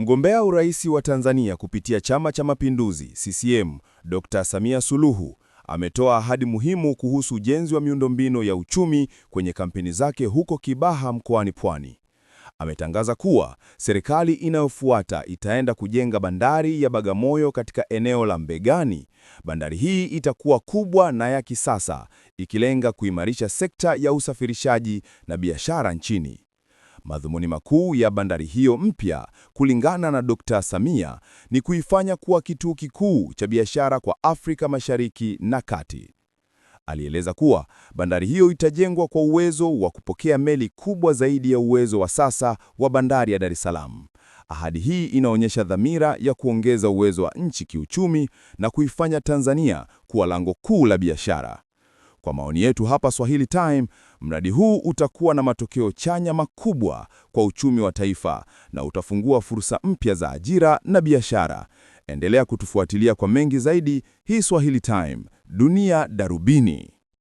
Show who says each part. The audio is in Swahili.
Speaker 1: Mgombea urais wa Tanzania kupitia Chama cha Mapinduzi CCM, Dr. Samia Suluhu ametoa ahadi muhimu kuhusu ujenzi wa miundombinu ya uchumi kwenye kampeni zake huko Kibaha mkoani Pwani. Ametangaza kuwa serikali inayofuata itaenda kujenga bandari ya Bagamoyo katika eneo la Mbegani. Bandari hii itakuwa kubwa na ya kisasa, ikilenga kuimarisha sekta ya usafirishaji na biashara nchini. Madhumuni makuu ya bandari hiyo mpya, kulingana na Dkt. Samia, ni kuifanya kuwa kituo kikuu cha biashara kwa Afrika Mashariki na Kati. Alieleza kuwa bandari hiyo itajengwa kwa uwezo wa kupokea meli kubwa zaidi ya uwezo wa sasa wa bandari ya Dar es Salaam. Ahadi hii inaonyesha dhamira ya kuongeza uwezo wa nchi kiuchumi na kuifanya Tanzania kuwa lango kuu la biashara. Kwa maoni yetu hapa Swahili Time, mradi huu utakuwa na matokeo chanya makubwa kwa uchumi wa taifa na utafungua fursa mpya za ajira na biashara. Endelea kutufuatilia kwa mengi zaidi. Hii Swahili Time, dunia darubini.